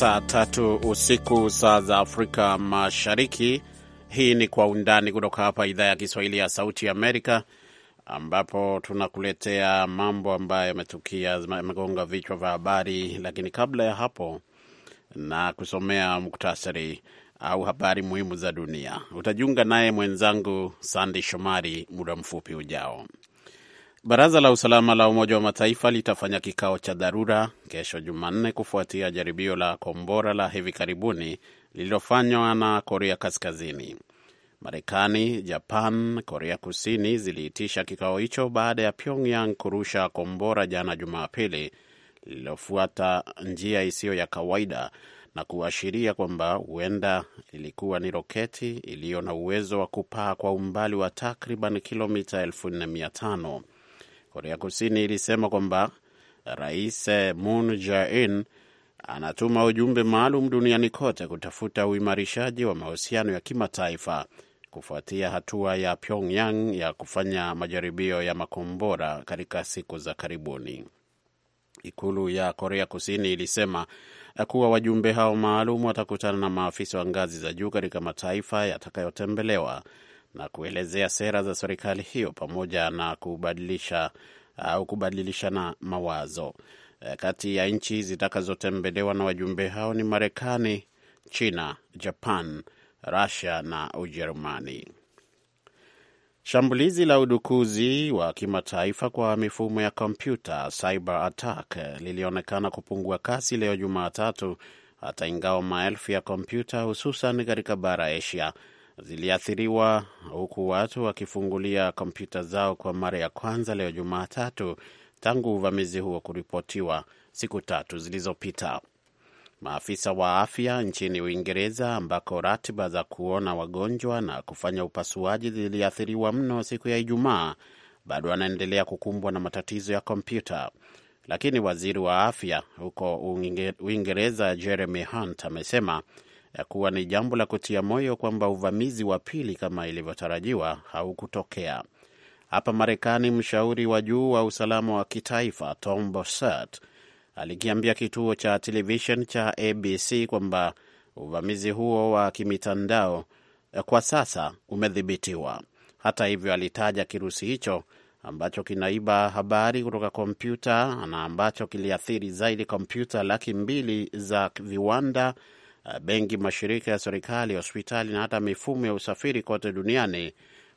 saa tatu usiku saa za Afrika Mashariki. Hii ni Kwa Undani kutoka hapa idhaa ya Kiswahili ya Sauti Amerika, ambapo tunakuletea mambo ambayo yametukia, yamegonga vichwa vya habari. Lakini kabla ya hapo, na kusomea muktasari au habari muhimu za dunia, utajiunga naye mwenzangu Sandi Shomari muda mfupi ujao. Baraza la usalama la Umoja wa Mataifa litafanya kikao cha dharura kesho Jumanne kufuatia jaribio la kombora la hivi karibuni lililofanywa na Korea Kaskazini. Marekani, Japan, Korea Kusini ziliitisha kikao hicho baada ya Pyongyang kurusha kombora jana Jumapili lililofuata njia isiyo ya kawaida na kuashiria kwamba huenda ilikuwa ni roketi iliyo na uwezo wa kupaa kwa umbali wa takriban kilomita 1500. Korea Kusini ilisema kwamba Rais Moon Jae-in anatuma ujumbe maalum duniani kote kutafuta uimarishaji wa mahusiano ya kimataifa kufuatia hatua ya Pyongyang ya kufanya majaribio ya makombora katika siku za karibuni. Ikulu ya Korea Kusini ilisema kuwa wajumbe hao maalum watakutana na maafisa wa ngazi za juu katika mataifa yatakayotembelewa na kuelezea sera za serikali hiyo pamoja na kubadilisha au kubadilishana mawazo. Eh, kati ya nchi zitakazotembelewa na wajumbe hao ni Marekani, China, Japan, Rusia na Ujerumani. Shambulizi la udukuzi wa kimataifa kwa mifumo ya kompyuta cyber attack lilionekana kupungua kasi leo Jumatatu, hata ingawa maelfu ya kompyuta hususan katika bara Asia ziliathiriwa huku watu wakifungulia kompyuta zao kwa mara ya kwanza leo Jumatatu tangu uvamizi huo kuripotiwa siku tatu zilizopita. Maafisa wa afya nchini Uingereza, ambako ratiba za kuona wagonjwa na kufanya upasuaji ziliathiriwa mno siku ya Ijumaa, bado wanaendelea kukumbwa na matatizo ya kompyuta, lakini waziri wa afya huko Uingereza Jeremy Hunt amesema kuwa ni jambo la kutia moyo kwamba uvamizi wa pili kama ilivyotarajiwa haukutokea. Hapa Marekani, mshauri wa juu wa usalama wa kitaifa Tom Bossert alikiambia kituo cha televishen cha ABC kwamba uvamizi huo wa kimitandao eh, kwa sasa umedhibitiwa. Hata hivyo, alitaja kirusi hicho ambacho kinaiba habari kutoka kompyuta na ambacho kiliathiri zaidi kompyuta laki mbili za viwanda Uh, benki, mashirika ya serikali, hospitali na hata mifumo ya usafiri kote duniani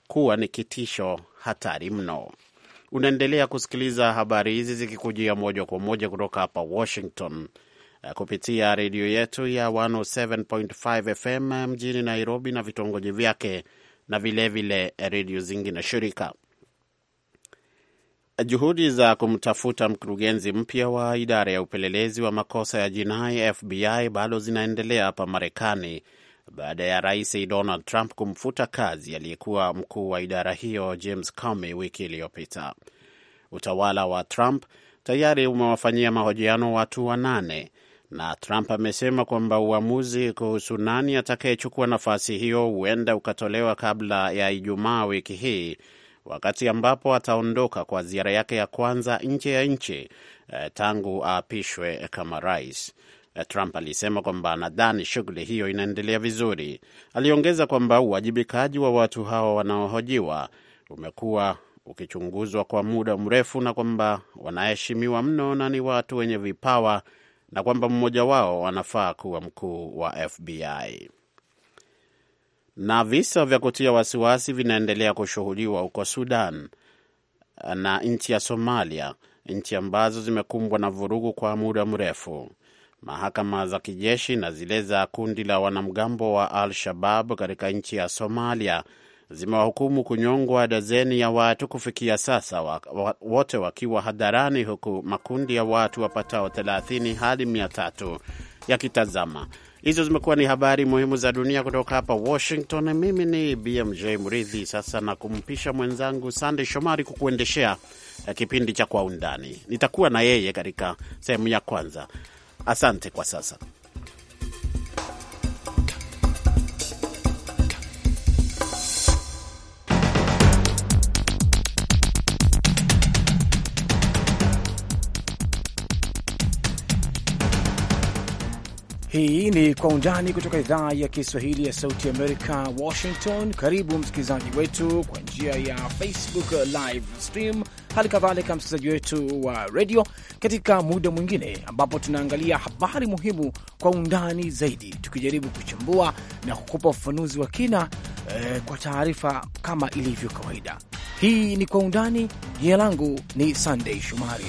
kuwa ni kitisho hatari mno. Unaendelea kusikiliza habari hizi zikikujia moja kwa moja kutoka hapa Washington uh, kupitia redio yetu ya 107.5 FM mjini Nairobi na vitongoji vyake na vilevile redio zingine shirika Juhudi za kumtafuta mkurugenzi mpya wa idara ya upelelezi wa makosa ya jinai FBI bado zinaendelea hapa Marekani baada ya Rais Donald Trump kumfuta kazi aliyekuwa mkuu wa idara hiyo James Comey wiki iliyopita. Utawala wa Trump tayari umewafanyia mahojiano watu wanane na Trump amesema kwamba uamuzi kuhusu nani atakayechukua nafasi hiyo huenda ukatolewa kabla ya Ijumaa wiki hii wakati ambapo ataondoka kwa ziara yake ya kwanza nje ya nchi eh, tangu aapishwe kama rais. Eh, Trump alisema kwamba nadhani shughuli hiyo inaendelea vizuri. Aliongeza kwamba uwajibikaji wa watu hawa wanaohojiwa umekuwa ukichunguzwa kwa muda mrefu na kwamba wanaheshimiwa mno na ni watu wenye vipawa na kwamba mmoja wao anafaa kuwa mkuu wa FBI. Na visa vya kutia wasiwasi vinaendelea kushuhudiwa huko Sudan na nchi ya Somalia, nchi ambazo zimekumbwa na vurugu kwa muda mrefu. Mahakama za kijeshi na zile za kundi la wanamgambo wa Al-Shabab katika nchi ya Somalia zimewahukumu kunyongwa dazeni ya watu kufikia sasa, wote wakiwa hadharani, huku makundi ya watu wapatao 30 hadi 300 yakitazama. Hizo zimekuwa ni habari muhimu za dunia kutoka hapa Washington. Mimi ni BMJ Mridhi. Sasa na kumpisha mwenzangu sandey Shomari kukuendeshea eh, kipindi cha Kwa Undani. Nitakuwa na yeye katika sehemu ya kwanza. Asante kwa sasa. Hii ni Kwa Undani kutoka idhaa ya Kiswahili ya Sauti Amerika, Washington. Karibu msikilizaji wetu kwa njia ya Facebook live stream, hali kadhalika msikilizaji wetu wa redio, katika muda mwingine ambapo tunaangalia habari muhimu kwa undani zaidi, tukijaribu kuchambua na kukupa ufafanuzi wa kina eh, kwa taarifa kama ilivyo kawaida. Hii ni Kwa Undani. Jina langu ni Sandei Shumari.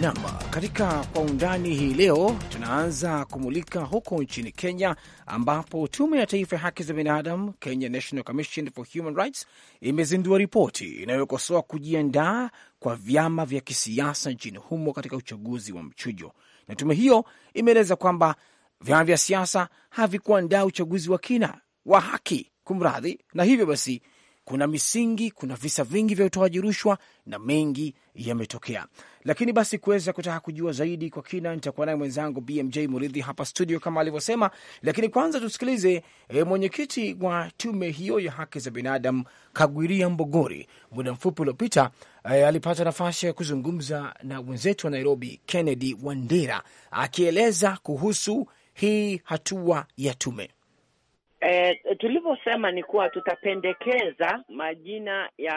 Nam, katika kwa undani hii leo tunaanza kumulika huko nchini Kenya, ambapo tume ya taifa ya haki za binadamu, Kenya National Commission for Human Rights, imezindua ripoti inayokosoa kujiandaa kwa vyama vya kisiasa nchini humo katika uchaguzi wa mchujo, na tume hiyo imeeleza kwamba vyama vya siasa havikuandaa uchaguzi wa kina wa haki, kumradhi, na hivyo basi kuna misingi, kuna visa vingi vya utoaji rushwa na mengi yametokea. Lakini basi kuweza kutaka kujua zaidi kwa kina, nitakuwa naye mwenzangu BMJ Muridhi hapa studio kama alivyosema. Lakini kwanza tusikilize e, mwenyekiti wa tume hiyo ya haki za binadamu Kagwiria Mbogori muda mfupi uliopita e, alipata nafasi ya kuzungumza na mwenzetu wa Nairobi, Kennedy Wandera akieleza kuhusu hii hatua ya tume. E, tulivyosema ni kuwa tutapendekeza majina ya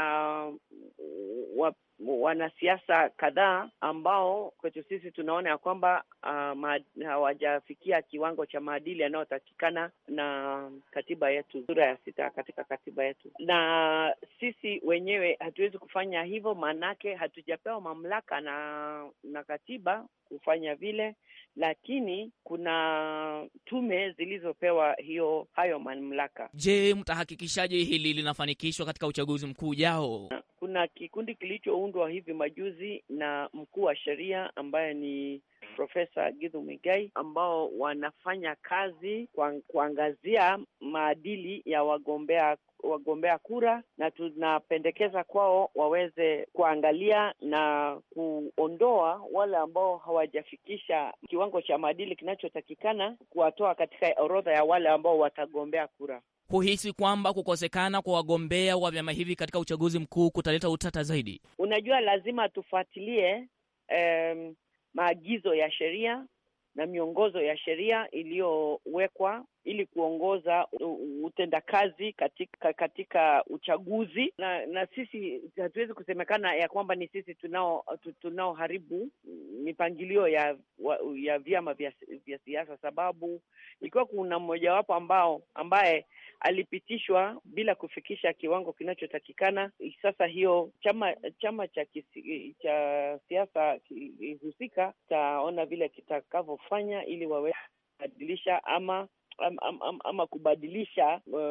wa, wanasiasa kadhaa ambao kwetu sisi tunaona ya kwamba uh, hawajafikia kiwango cha maadili yanayotakikana na katiba yetu, sura ya sita katika katiba yetu, na sisi wenyewe hatuwezi kufanya hivyo, maanake hatujapewa mamlaka na na katiba kufanya vile, lakini kuna tume zilizopewa hiyo hayo mamlaka. Je, mtahakikishaje hili linafanikishwa katika uchaguzi mkuu ujao? Kuna kikundi kilichoundwa hivi majuzi na mkuu wa sheria ambaye ni Profesa Githu Migai ambao wanafanya kazi kwa kuangazia maadili ya wagombea wagombea kura, na tunapendekeza kwao waweze kuangalia na kuondoa wale ambao hawajafikisha kiwango cha maadili kinachotakikana, kuwatoa katika orodha ya wale ambao watagombea kura huhisi kwamba kukosekana kwa wagombea wa vyama hivi katika uchaguzi mkuu kutaleta utata zaidi? Unajua, lazima tufuatilie um, maagizo ya sheria na miongozo ya sheria iliyowekwa ili kuongoza utendakazi katika katika uchaguzi na, na sisi hatuwezi kusemekana ya kwamba ni sisi tunao tunaoharibu mipangilio ya ya vyama vya, vya siasa, sababu ikiwa kuna mmojawapo ambao ambaye alipitishwa bila kufikisha kiwango kinachotakikana, sasa hiyo chama chama cha kisi, cha siasa husika taona vile kitakavyofanya ili wawe kubadilisha ama am, am, am, ama kubadilisha uh,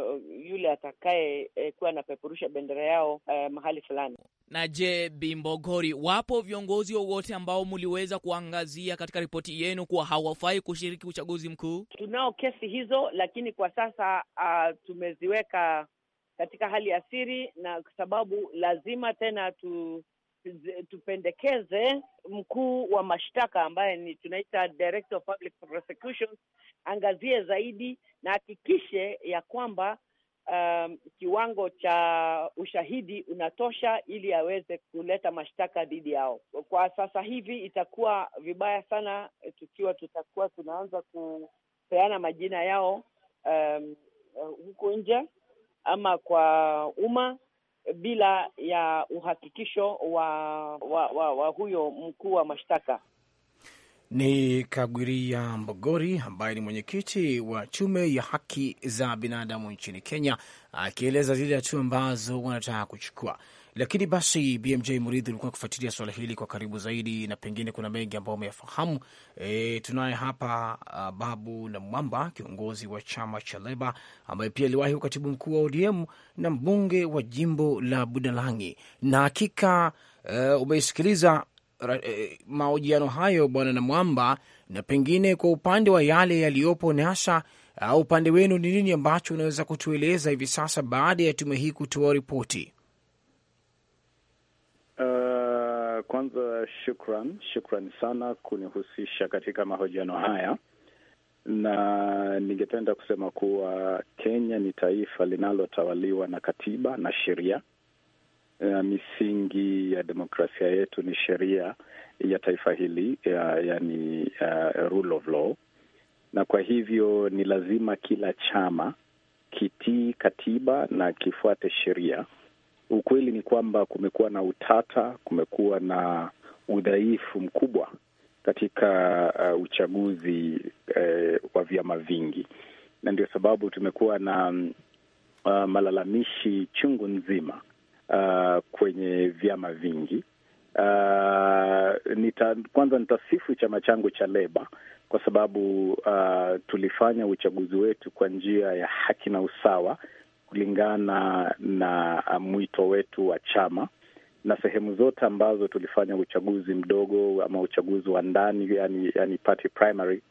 yule atakaye uh, kuwa anapeperusha bendera yao uh, mahali fulani. Na je, Bimbogori, wapo viongozi wowote ambao mliweza kuangazia katika ripoti yenu kuwa hawafai kushiriki uchaguzi mkuu? Tunao kesi hizo, lakini kwa sasa uh, tumeziweka katika hali ya siri, na kwa sababu lazima tena tu tupendekeze mkuu wa mashtaka ambaye ni tunaita Director of Public angazie zaidi na hakikishe ya kwamba um, kiwango cha ushahidi unatosha ili aweze kuleta mashtaka dhidi yao. Kwa sasa hivi itakuwa vibaya sana tukiwa tutakuwa tunaanza kupeana majina yao um, huku nje ama kwa umma bila ya uhakikisho wa, wa, wa, wa huyo mkuu wa mashtaka. Ni Kagwiria Mbogori ambaye ni mwenyekiti wa tume ya haki za binadamu nchini Kenya, akieleza zile hatua ambazo wanataka kuchukua. Lakini basi, BMJ Mridhi, ulikuwa kufuatilia swala hili kwa karibu zaidi, na pengine kuna mengi ambayo umeyafahamu. E, tunaye hapa uh, Babu na Mwamba, kiongozi wa chama cha Leba ambaye pia aliwahi katibu mkuu wa ODM na mbunge wa jimbo la Budalangi, na hakika uh, umeisikiliza e, mahojiano hayo bwana na Mwamba, na pengine kwa upande wa yale yaliyopo NASA au uh, upande wenu ni nini ambacho unaweza kutueleza hivi sasa baada ya tume hii kutoa ripoti? Kwanza shukran, shukran sana kunihusisha katika mahojiano haya, na ningependa kusema kuwa Kenya ni taifa linalotawaliwa na katiba na sheria. Uh, misingi ya demokrasia yetu ni sheria ya taifa hili ya, yani uh, rule of law, na kwa hivyo ni lazima kila chama kitii katiba na kifuate sheria Ukweli ni kwamba kumekuwa na utata, kumekuwa na udhaifu mkubwa katika uh, uchaguzi uh, wa vyama vingi, na ndio sababu tumekuwa na uh, malalamishi chungu nzima uh, kwenye vyama vingi. Uh, nita, kwanza nitasifu chama changu cha Leba kwa sababu uh, tulifanya uchaguzi wetu kwa njia ya haki na usawa kulingana na uh, mwito wetu wa chama na sehemu zote ambazo tulifanya uchaguzi mdogo ama uchaguzi wa ndani, yani, yani party primary,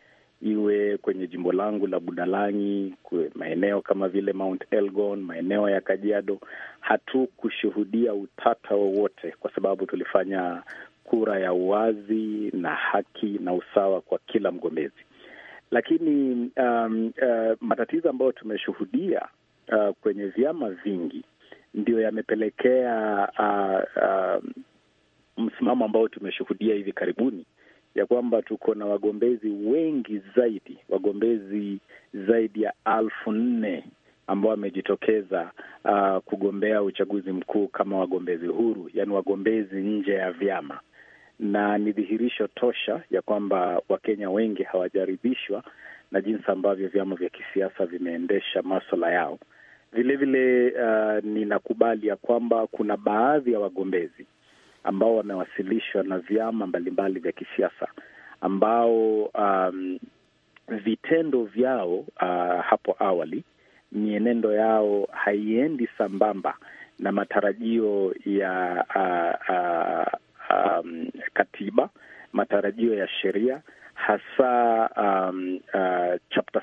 iwe kwenye jimbo langu la Budalangi, maeneo kama vile Mount Elgon, maeneo ya Kajiado, hatukushuhudia utata wowote, kwa sababu tulifanya kura ya uwazi na haki na usawa kwa kila mgombezi. Lakini um, uh, matatizo ambayo tumeshuhudia uh, kwenye vyama vingi ndio yamepelekea uh, uh, msimamo ambao tumeshuhudia hivi karibuni ya kwamba tuko na wagombezi wengi zaidi, wagombezi zaidi ya alfu nne ambao wamejitokeza uh, kugombea uchaguzi mkuu kama wagombezi huru, yaani wagombezi nje ya vyama, na ni dhihirisho tosha ya kwamba Wakenya wengi hawajaridhishwa na jinsi ambavyo vyama vya kisiasa vimeendesha maswala yao. Vilevile uh, ninakubali ya kwamba kuna baadhi ya wagombezi ambao wamewasilishwa na vyama mbalimbali vya kisiasa ambao um, vitendo vyao uh, hapo awali, mienendo yao haiendi sambamba na matarajio ya uh, uh, um, katiba, matarajio ya sheria hasa um, uh, chapter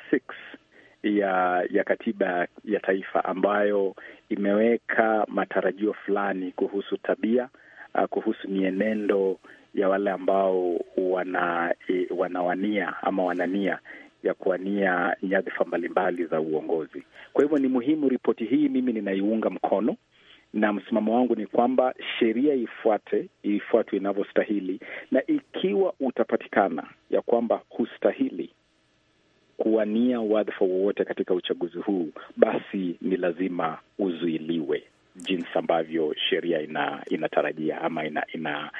ya ya katiba ya taifa ambayo imeweka matarajio fulani kuhusu tabia, uh, kuhusu mienendo ya wale ambao wana e, wanawania ama wanania ya kuwania nyadhifa mbalimbali za uongozi. Kwa hivyo ni muhimu ripoti hii, mimi ninaiunga mkono na msimamo wangu ni kwamba sheria ifuate ifuatwe inavyostahili, na ikiwa utapatikana ya kwamba hustahili kuwania wadhifa wowote katika uchaguzi huu, basi ni lazima uzuiliwe jinsi ambavyo sheria ina, inatarajia ama ina, ina,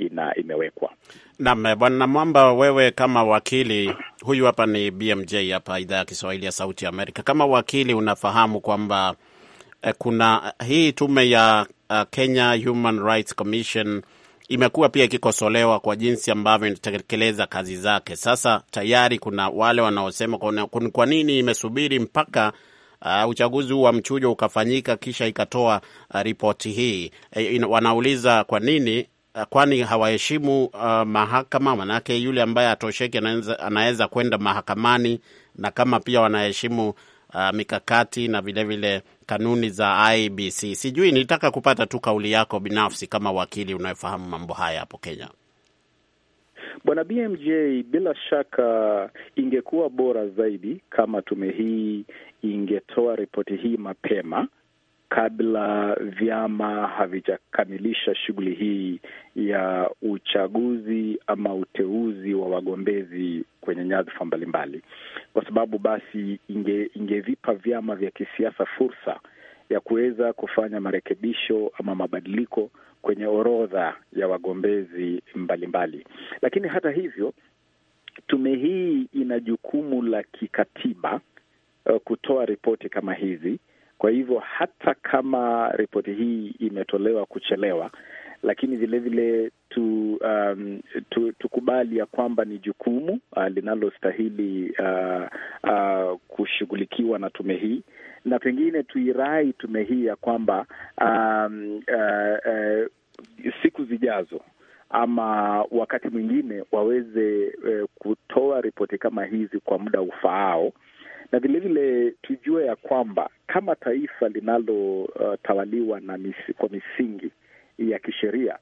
ina imewekwa. Naam, Bwana Mwamba, wewe kama wakili, huyu hapa ni BMJ hapa idhaa ya Kiswahili ya Sauti ya Amerika. Kama wakili, unafahamu kwamba eh, kuna hii tume ya uh, Kenya Human Rights Commission imekuwa pia ikikosolewa kwa jinsi ambavyo inatekeleza kazi zake. Sasa tayari kuna wale wanaosema kwa nini imesubiri mpaka Uh, uchaguzi huu wa mchujo ukafanyika kisha ikatoa uh, ripoti hii e, in, wanauliza kwa nini uh, kwani hawaheshimu uh, mahakama? Manake yule ambaye atosheki anaweza kwenda mahakamani, na kama pia wanaheshimu uh, mikakati na vilevile kanuni za IBC. Sijui, nilitaka kupata tu kauli yako binafsi kama wakili unayefahamu mambo haya hapo Kenya. Bwana BMJ, bila shaka ingekuwa bora zaidi kama tume hii ingetoa ripoti hii mapema kabla vyama havijakamilisha shughuli hii ya uchaguzi ama uteuzi wa wagombezi kwenye nyadhifa mbalimbali, kwa sababu basi inge, ingevipa vyama vya kisiasa fursa ya kuweza kufanya marekebisho ama mabadiliko kwenye orodha ya wagombezi mbalimbali mbali. Lakini hata hivyo, tume hii ina jukumu la kikatiba eh, kutoa ripoti kama hizi kwa hivyo hata kama ripoti hii imetolewa kuchelewa, lakini vilevile tu, um, tu, tukubali ya kwamba ni jukumu uh, linalostahili uh, uh, kushughulikiwa na tume hii na pengine tuirai tume hii ya kwamba um, uh, uh, siku zijazo ama wakati mwingine waweze uh, kutoa ripoti kama hizi kwa muda ufaao na vilevile tujue ya kwamba kama taifa linalotawaliwa uh, na misi, kwa misingi ya kisheria,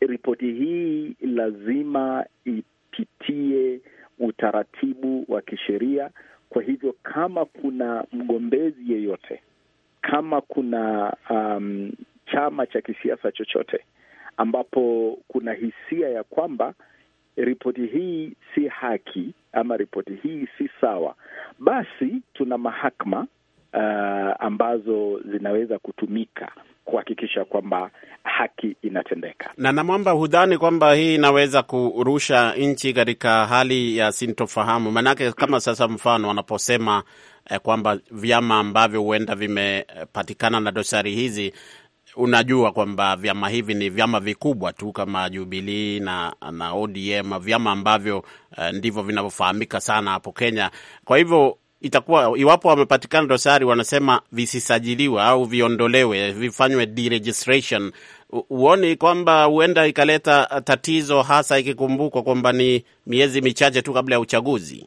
ripoti hii lazima ipitie utaratibu wa kisheria. Kwa hivyo kama kuna mgombezi yeyote, kama kuna um, chama cha kisiasa chochote ambapo kuna hisia ya kwamba ripoti hii si haki ama ripoti hii si sawa, basi tuna mahakama uh, ambazo zinaweza kutumika kuhakikisha kwamba haki inatendeka. Na Namwamba, hudhani kwamba hii inaweza kurusha nchi katika hali ya sintofahamu? Maanake kama sasa, mfano wanaposema eh, kwamba vyama ambavyo huenda vimepatikana na dosari hizi unajua kwamba vyama hivi ni vyama vikubwa tu kama jubilii na, na ODM, vyama ambavyo uh, ndivyo vinavyofahamika sana hapo Kenya. Kwa hivyo itakuwa iwapo wamepatikana dosari, wanasema visisajiliwe au viondolewe, vifanywe deregistration. Huoni kwamba huenda ikaleta tatizo, hasa ikikumbukwa kwamba ni miezi michache tu kabla ya uchaguzi?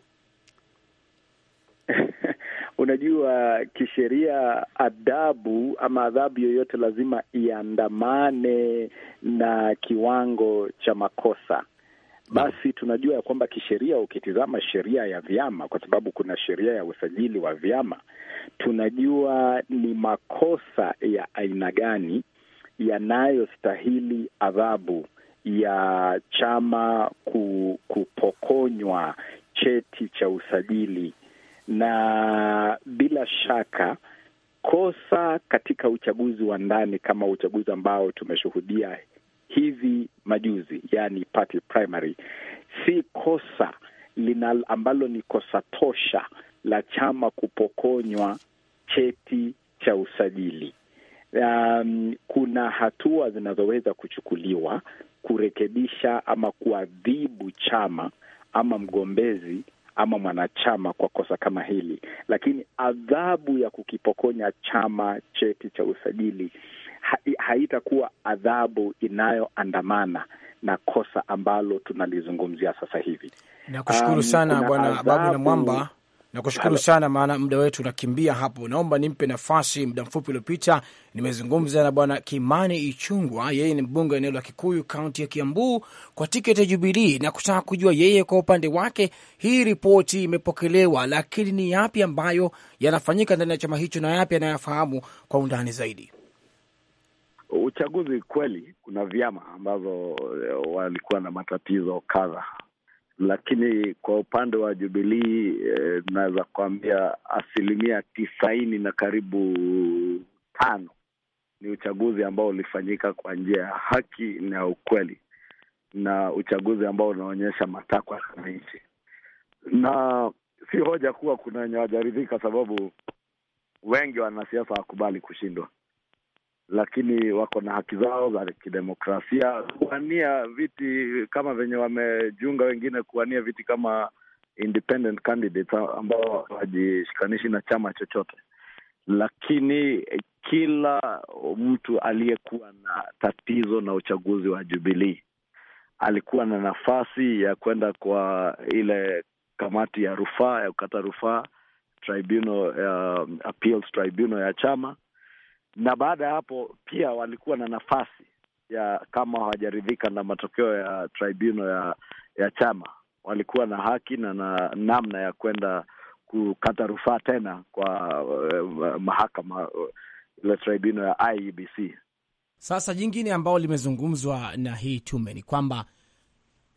unajua kisheria, adabu ama adhabu yoyote lazima iandamane na kiwango cha makosa. Basi tunajua ya kwamba kisheria, ukitizama sheria ya vyama, kwa sababu kuna sheria ya usajili wa vyama, tunajua ni makosa ya aina gani yanayostahili adhabu ya chama kupokonywa cheti cha usajili na bila shaka kosa katika uchaguzi wa ndani kama uchaguzi ambao tumeshuhudia hivi majuzi, yani party primary, si kosa lina ambalo ni kosa tosha la chama kupokonywa cheti cha usajili. Um, kuna hatua zinazoweza kuchukuliwa kurekebisha ama kuadhibu chama ama mgombezi ama mwanachama kwa kosa kama hili, lakini adhabu ya kukipokonya chama cheti cha usajili ha haitakuwa adhabu inayoandamana na kosa ambalo tunalizungumzia sasa hivi. Nakushukuru um, sana Bwana Babu na Mwamba Nakushukuru sana, maana muda wetu unakimbia hapo. Naomba nimpe nafasi, muda mfupi uliopita nimezungumza na bwana Kimani Ichungwa, yeye ni mbunge wa eneo la Kikuyu, kaunti ya Kiambu kwa tiketi ya Jubilii, na kutaka kujua yeye kwa upande wake hii ripoti imepokelewa, lakini ni yapi ambayo yanafanyika ndani ya chama hicho na yapi anayafahamu kwa undani zaidi. Uchaguzi kweli, kuna vyama ambazo eh, walikuwa na matatizo kadha lakini kwa upande wa Jubilii eh, naweza kuambia asilimia tisaini na karibu tano ni uchaguzi ambao ulifanyika kwa njia ya haki na ya ukweli, na uchaguzi ambao unaonyesha matakwa ya wananchi, na si hoja kuwa kuna wenye wajaridhika, sababu wengi wanasiasa wakubali kushindwa lakini wako na haki zao za kidemokrasia kuwania viti kama venye wamejiunga wengine kuwania viti kama independent candidates ambao hawajishikanishi na chama chochote. Lakini kila mtu aliyekuwa na tatizo na uchaguzi wa Jubilii alikuwa na nafasi ya kwenda kwa ile kamati ya rufaa ya kukata rufaa, tribunal, uh, appeals tribunal ya chama na baada ya hapo pia walikuwa na nafasi ya kama hawajaridhika na matokeo ya tribunal ya ya chama, walikuwa na haki na na namna ya kwenda kukata rufaa tena kwa uh, mahakama uh, ile tribunal ya IEBC. Sasa jingine ambao limezungumzwa na hii tume ni kwamba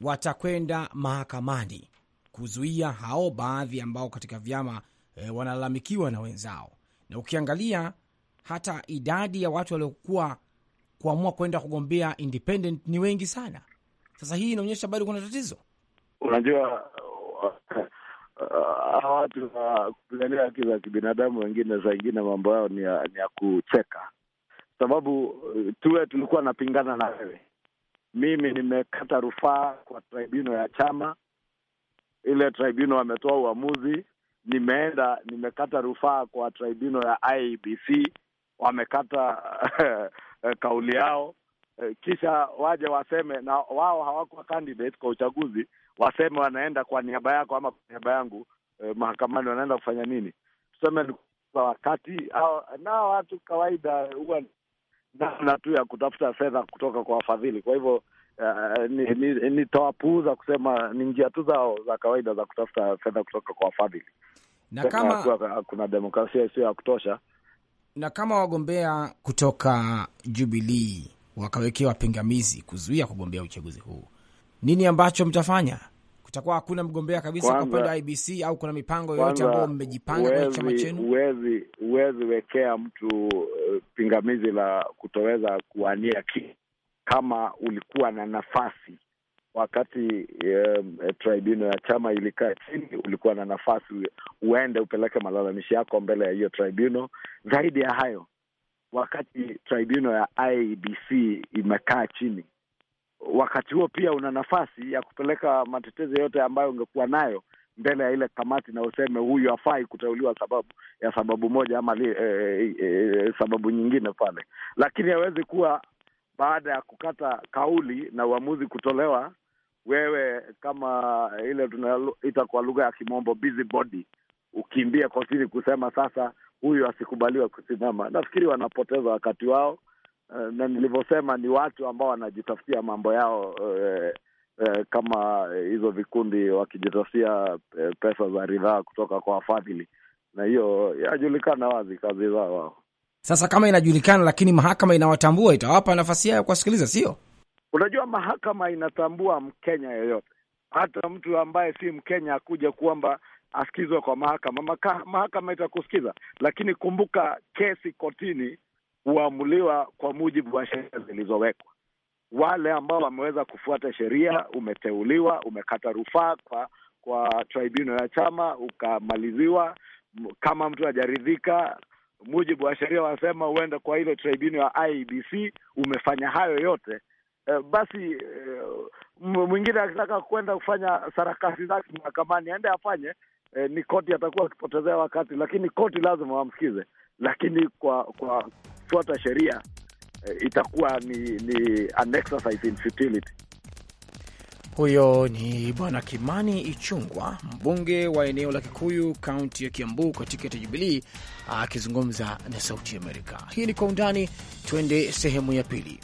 watakwenda mahakamani kuzuia hao baadhi ambao katika vyama e, wanalalamikiwa na wenzao, na ukiangalia hata idadi ya watu waliokuwa kuamua kwenda kugombea independent ni wengi sana. Sasa hii inaonyesha bado kuna tatizo. Unajua uh, hawa uh, watu wa kupigania haki za kibinadamu wengine, saa ingine mambo yao ni ya, ni ya kucheka, sababu uh, tuwe tulikuwa napingana na wewe. Mimi nimekata rufaa kwa tribuno ya chama, ile tribuno wametoa uamuzi. Nimeenda nimekata rufaa kwa tribuno ya IBC wamekata eh, kauli yao, eh, kisha waje waseme na wao hawakuwa candidate kwa uchaguzi, waseme wanaenda kwa niaba yako ama kwa niaba yangu eh, mahakamani. Wanaenda kufanya nini? Tuseme ni kwa wakati na watu kawaida huwa namna tu ya kutafuta fedha kutoka kwa wafadhili. Kwa hivyo uh, eh, nitawapuuza ni, ni kusema ni njia tu zao za kawaida za kutafuta fedha kutoka kwa wafadhili na kama... kuna demokrasia isiyo ya kutosha na kama wagombea kutoka jubilii wakawekewa pingamizi kuzuia kugombea uchaguzi huu, nini ambacho mtafanya? Kutakuwa hakuna mgombea kabisa kwa upande wa IBC au kuna mipango yoyote ambayo mmejipanga kwenye chama chenu? Huwezi huwezi wekea mtu eh, pingamizi la kutoweza kuwania kama ulikuwa na nafasi wakati eh, tribunal ya chama ilikaa chini, ulikuwa na nafasi uende upeleke malalamishi yako mbele ya hiyo tribunal. Zaidi ya hayo, wakati tribunal ya IBC imekaa chini, wakati huo pia una nafasi ya kupeleka matetezo yote ambayo ungekuwa nayo mbele ya ile kamati na useme huyu hafai kuteuliwa sababu ya sababu moja ama li, eh, eh, sababu nyingine pale, lakini hawezi kuwa baada ya kukata kauli na uamuzi kutolewa wewe kama ile tunaita kwa lugha ya kimombo ukimbia ukimbie kotini kusema sasa huyu asikubaliwe kusimama. Nafikiri wanapoteza wakati wao, eh, na nilivyosema ni watu ambao wanajitafutia mambo yao e, e, kama hizo vikundi wakijitafutia pesa za ridhaa kutoka kwa wafadhili, na hiyo inajulikana wazi kazi zao wao. Sasa kama inajulikana, lakini mahakama inawatambua, itawapa nafasi yao kuwasikiliza, sio? Unajua, mahakama inatambua Mkenya yoyote, hata mtu ambaye si Mkenya akuja kuomba asikizwe kwa mahakama Maka, mahakama itakusikiza, lakini kumbuka, kesi kotini huamuliwa kwa mujibu wa sheria zilizowekwa. Wale ambao wameweza kufuata sheria, umeteuliwa, umekata rufaa kwa kwa tribunal ya chama ukamaliziwa. Kama mtu hajaridhika, mujibu wa sheria wanasema uende kwa hilo tribunal ya IBC. Umefanya hayo yote, Eh, basi eh, mwingine akitaka kwenda kufanya sarakasi zake mahakamani aende afanye. Eh, ni koti atakuwa akipotezea wakati, lakini koti lazima wamsikize, lakini kwa kwa kufuata sheria eh, itakuwa ni, ni an exercise in futility. Huyo ni Bwana Kimani Ichungwa, mbunge wa eneo la Kikuyu, kaunti ya Kiambu, kwa tiketi ya Jubilii, akizungumza na Sauti Amerika. Hii ni Kwa Undani. Tuende sehemu ya pili.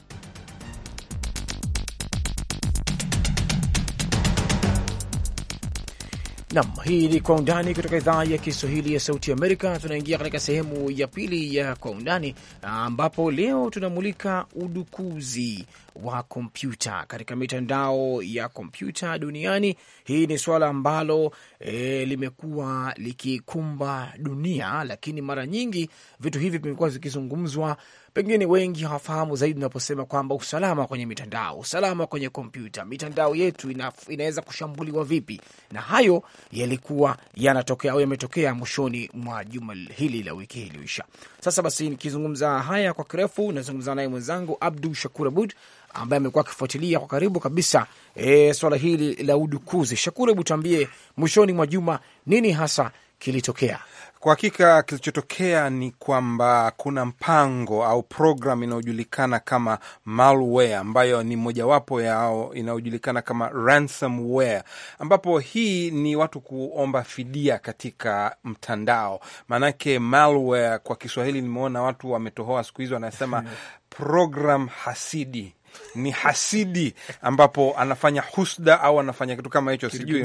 Nam, hii ni Kwa Undani kutoka idhaa ya Kiswahili ya Sauti Amerika. Tunaingia katika sehemu ya pili ya Kwa Undani, ambapo leo tunamulika udukuzi wa kompyuta katika mitandao ya kompyuta duniani. Hii ni suala ambalo e, limekuwa likikumba dunia, lakini mara nyingi vitu hivi vimekuwa vikizungumzwa pengine wengi hawafahamu zaidi unaposema kwamba usalama kwenye mitandao, usalama kwenye kompyuta, mitandao yetu ina, inaweza kushambuliwa vipi? Na hayo yalikuwa yanatokea au yametokea mwishoni mwa juma hili la wiki iliyoisha. Sasa basi, nikizungumza haya kwa kirefu, nazungumza naye mwenzangu Abdu Shakur Abud ambaye amekuwa akifuatilia kwa karibu kabisa e, swala hili la udukuzi. Shakur, hebu tuambie mwishoni mwa juma nini hasa kilitokea? Kwa hakika kilichotokea ni kwamba kuna mpango au program inayojulikana kama malware, ambayo ni mojawapo yao inayojulikana kama ransomware, ambapo hii ni watu kuomba fidia katika mtandao. Maanake malware kwa Kiswahili nimeona watu wametohoa siku hizi wanasema program hasidi ni hasidi, ambapo anafanya husda au anafanya kitu kama hicho, sijui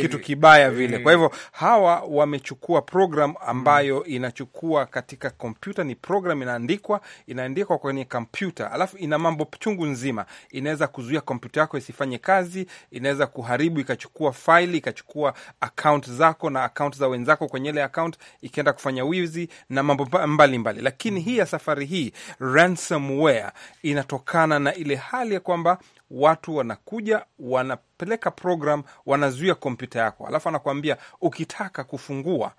kitu kibaya vile. Kwa eh. hivyo hawa wamechukua program ambayo inachukua katika kompyuta, ni program inaandikwa, inaandikwa kwenye kompyuta, alafu ina mambo chungu nzima. Inaweza kuzuia kompyuta yako isifanye kazi, inaweza kuharibu, ikachukua faili, ikachukua akaunt zako na akaunt za wenzako kwenye ile akaunt ikienda kufanya wizi na mambo mbalimbali mbali. Lakini hii ya safari hii ransomware inatokana na ile hali ya kwamba watu wanakuja wanapeleka program, wanazuia kompyuta yako, alafu anakuambia ukitaka kufungua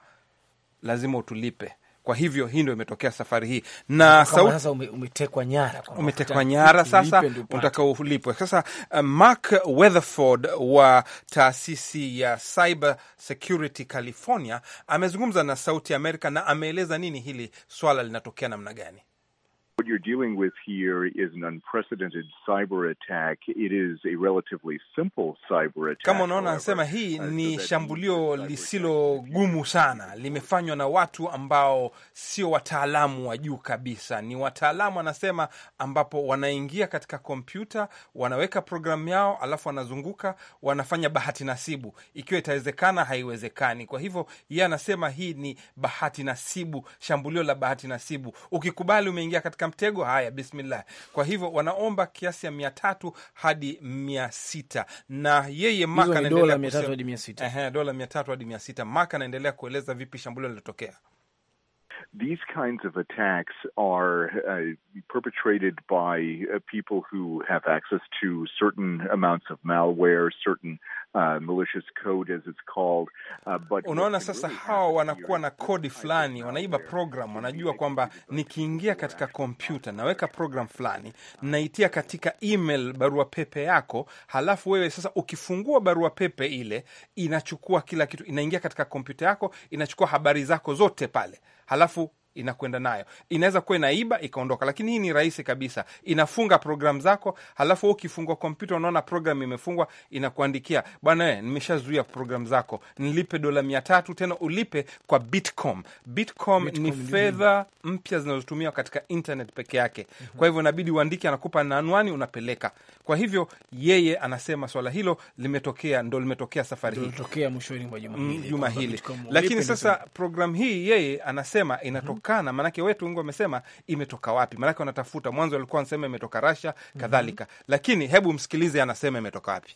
lazima utulipe. Kwa hivyo hii ndio imetokea safari hii na sasa umetekwa nyara, umetekwa nyara sasa, unataka ulipwe sasa. Uh, Mark Weatherford wa taasisi ya Cyber Security California amezungumza na Sauti Amerika na ameeleza nini hili swala linatokea namna gani. What you're dealing with here is an unprecedented cyber attack. It is a relatively simple cyber attack. Kama unaona, anasema hii uh, ni shambulio lisilo gumu sana, limefanywa na watu ambao sio wataalamu wa juu kabisa, ni wataalamu anasema, ambapo wanaingia katika kompyuta, wanaweka programu yao, alafu wanazunguka, wanafanya bahati nasibu, ikiwa itawezekana, haiwezekani. Kwa hivyo yeye anasema hii ni bahati nasibu, shambulio la bahati nasibu. Ukikubali umeingia katika mtego? Haya, bismillah. Kwa hivyo wanaomba kiasi ya mia tatu hadi mia sita na yeye Maka anaendelea dola mia tatu hadi mia sita kueleza vipi shambulio lilotokea these kinds of attacks are uh, perpetrated by uh, people who have access to certain amounts of malware, certain uh, malicious code as it's called. Uh, but unaona sasa, really hawa wanakuwa na kodi fulani, wanaiba program, wanajua kwamba nikiingia katika kompyuta naweka program fulani, naitia katika email, barua pepe yako, halafu wewe sasa ukifungua barua pepe ile inachukua kila kitu, inaingia katika kompyuta yako, inachukua habari zako zote pale halafu inakwenda nayo, inaweza kuwa inaiba ikaondoka, lakini hii ni rahisi kabisa, inafunga program zako. Halafu ukifungua kompyuta unaona program imefungwa, inakuandikia bwana, we nimeshazuia program zako, nilipe dola mia tatu, tena ulipe kwa Bitcom. Bitcom, Bitcom ni fedha mpya zinazotumiwa katika internet peke yake. mm -hmm. Kwa hivyo inabidi uandike, anakupa na anwani, unapeleka. Kwa hivyo yeye anasema swala hilo limetokea, ndo limetokea safari hii, juma mm, hili, lakini sasa program hii yeye anasema inatoka mhm imetokana, maanake wetu wengi wamesema imetoka wapi, maanake wanatafuta. Mwanzo walikuwa wanasema imetoka Russia mhm. kadhalika mm -hmm. Lakini hebu msikilize, anasema imetoka wapi.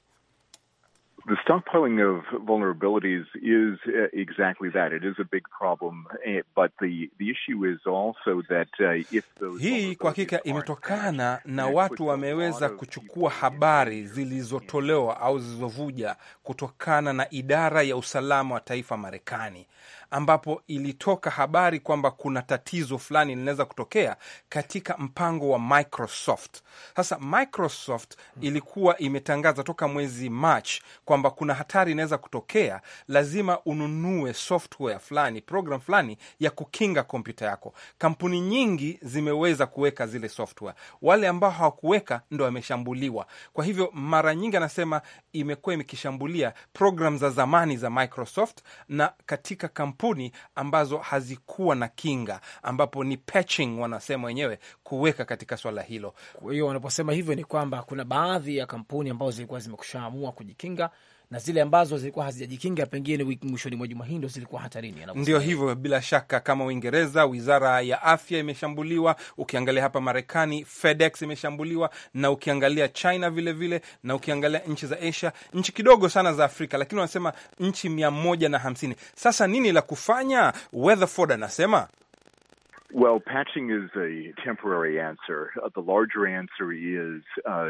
The stockpiling of vulnerabilities is uh, exactly that. It is a big problem, uh, but the, the issue is also that uh, if those hii kwa hakika imetokana na watu wameweza kuchukua habari zilizotolewa au zilizovuja kutokana na idara ya usalama wa taifa Marekani ambapo ilitoka habari kwamba kuna tatizo fulani linaweza kutokea katika mpango wa Microsoft. Sasa Microsoft ilikuwa imetangaza toka mwezi March kwamba kuna hatari inaweza kutokea, lazima ununue software fulani, program fulani ya kukinga kompyuta yako. Kampuni nyingi zimeweza kuweka zile software, wale ambao hawakuweka ndo wameshambuliwa. Kwa hivyo mara nyingi anasema imekuwa imekishambulia program za zamani za Microsoft na katika kampuni kampuni ambazo hazikuwa na kinga, ambapo ni patching wanasema wenyewe, kuweka katika swala hilo. Kwa hiyo wanaposema hivyo ni kwamba kuna baadhi ya kampuni ambazo zilikuwa zimekushaamua kujikinga na zile ambazo zilikuwa hazijajikinga pengine wiki mwishoni mwa juma hii ndo zilikuwa hatarini. Ndio hivyo, bila shaka kama Uingereza, wizara ya afya imeshambuliwa. Ukiangalia hapa Marekani, FedEx imeshambuliwa, na ukiangalia China vilevile vile, na ukiangalia nchi za Asia, nchi kidogo sana za Afrika, lakini wanasema nchi mia moja na hamsini. Sasa nini la kufanya? Weatherford anasema Well, patching is a temporary answer. Uh, the larger answer is uh,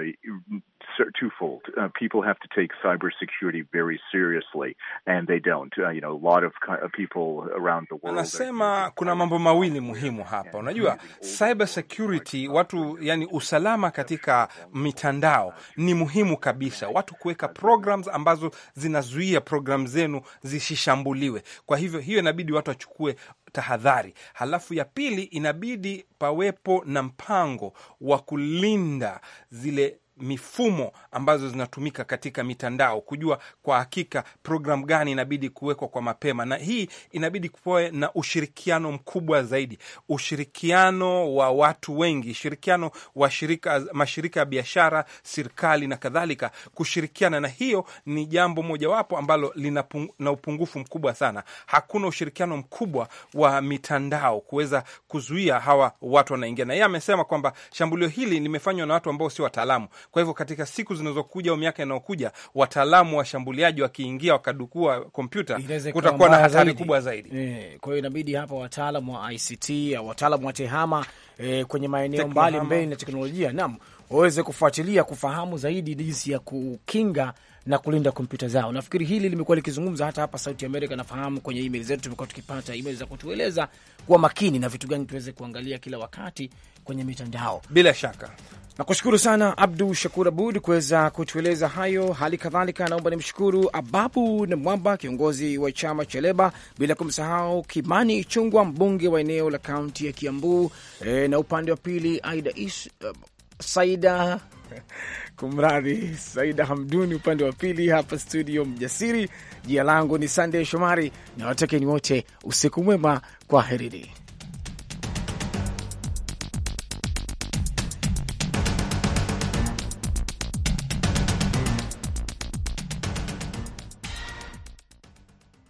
twofold. Uh, people have to take cybersecurity very seriously, and they don't. Uh, you know, a lot of uh, people around the world. Anasema are... kuna mambo mawili muhimu hapa. Unajua, cybersecurity, watu yani usalama katika mitandao ni muhimu kabisa. Watu kuweka programs ambazo zinazuia programs zenu zisishambuliwe. Kwa hivyo, hiyo inabidi watu wachukue tahadhari. Halafu ya pili, inabidi pawepo na mpango wa kulinda zile mifumo ambazo zinatumika katika mitandao, kujua kwa hakika programu gani inabidi kuwekwa kwa mapema, na hii inabidi kuwe na ushirikiano mkubwa zaidi, ushirikiano wa watu wengi, ushirikiano wa shirika, mashirika ya biashara, serikali na kadhalika, kushirikiana. Na hiyo ni jambo mojawapo ambalo lina na upungufu mkubwa sana. Hakuna ushirikiano mkubwa wa mitandao kuweza kuzuia hawa watu wanaingia, na yeye amesema kwamba shambulio hili limefanywa na watu ambao sio wataalamu. Kwa hivyo katika siku zinazokuja au miaka inayokuja, wataalamu washambuliaji wakiingia wakadukua kompyuta, kutakuwa na hatari zaidi kubwa zaidi. E, kwa hiyo inabidi hapa wataalamu wa ICT au wataalamu wa tehama e, kwenye maeneo mbali na teknolojia nam waweze kufuatilia kufahamu zaidi jinsi ya kukinga na kulinda kompyuta zao. Nafikiri hili limekuwa likizungumza hata hapa Sauti Amerika. Nafahamu kwenye email zetu tumekuwa tukipata email za kutueleza kuwa makini na vitu gani tuweze kuangalia kila wakati kwenye mitandao. Bila shaka Nakushukuru sana Abdu Shakur Abud kuweza kutueleza hayo. Hali kadhalika naomba nimshukuru Ababu na Mwamba, kiongozi wa chama cha Leba, bila kumsahau Kimani chungwa mbunge wa eneo la kaunti ya Kiambu, e, na upande wa pili Aida Is, uh, Saida kumradhi, Saida Hamduni upande wa pili hapa studio Mjasiri. Jina langu ni Sandey Shomari na watekeni wote usiku mwema, kwaherini.